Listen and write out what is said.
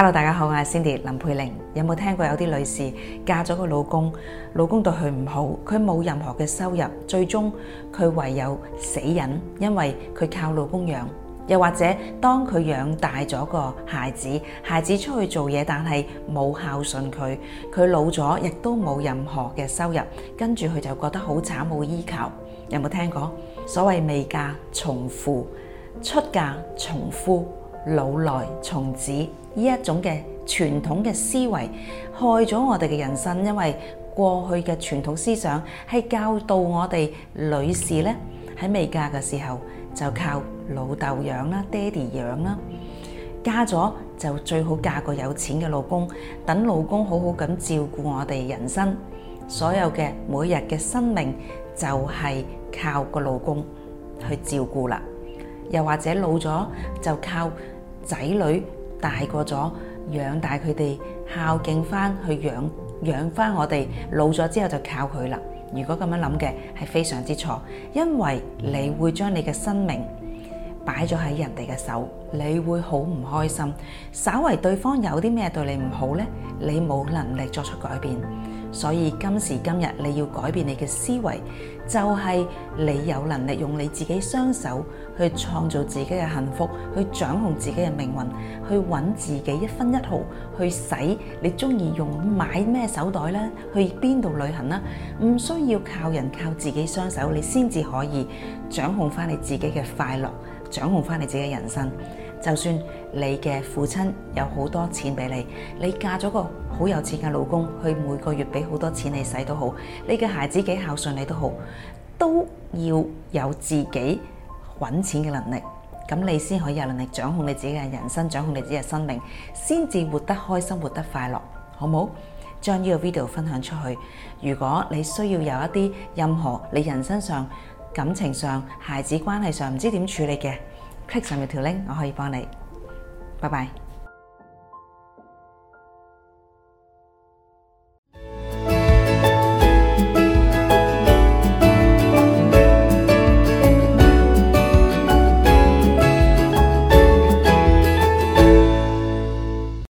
Hello，大家好，我係 Cindy 林佩玲。有冇聽過有啲女士嫁咗個老公，老公對佢唔好，佢冇任何嘅收入，最終佢唯有死忍，因為佢靠老公養。又或者當佢養大咗個孩子，孩子出去做嘢，但係冇孝順佢，佢老咗亦都冇任何嘅收入，跟住佢就覺得好慘冇依靠。有冇聽過所謂未嫁從父，出嫁從夫？重老來從子呢一種嘅傳統嘅思維，害咗我哋嘅人生，因為過去嘅傳統思想係教導我哋女士呢，喺未嫁嘅時候就靠老豆養啦、爹哋養啦，嫁咗就最好嫁個有錢嘅老公，等老公好好咁照顧我哋人生，所有嘅每日嘅生命就係靠個老公去照顧啦。又或者老咗就靠仔女，大過咗，養大佢哋孝敬返去，養養返我哋，老咗之後就靠佢啦。如果咁樣諗嘅係非常之錯，因為你會將你嘅生命。擺咗喺人哋嘅手，你會好唔開心。稍為對方有啲咩對你唔好呢？你冇能力作出改變，所以今時今日你要改變你嘅思維，就係你有能力用你自己雙手去創造自己嘅幸福，去掌控自己嘅命運，去揾自己一分一毫去使你中意用買咩手袋呢？去邊度旅行呢？唔需要靠人，靠自己雙手，你先至可以掌控翻你自己嘅快樂，掌控翻你自己嘅人生，就算你嘅父親有好多錢俾你，你嫁咗個好有錢嘅老公，佢每個月俾好多錢你使都好，你嘅孩子幾孝順你都好，都要有自己搵錢嘅能力，咁你先可以有能力掌控你自己嘅人生，掌控你自己嘅生命，先至活得開心，活得快樂，好冇？將呢個 video 分享出去，如果你需要有一啲任何你人生上，感情上、孩子關係上唔知點處理嘅，click 上面條 link，我可以幫你。拜拜。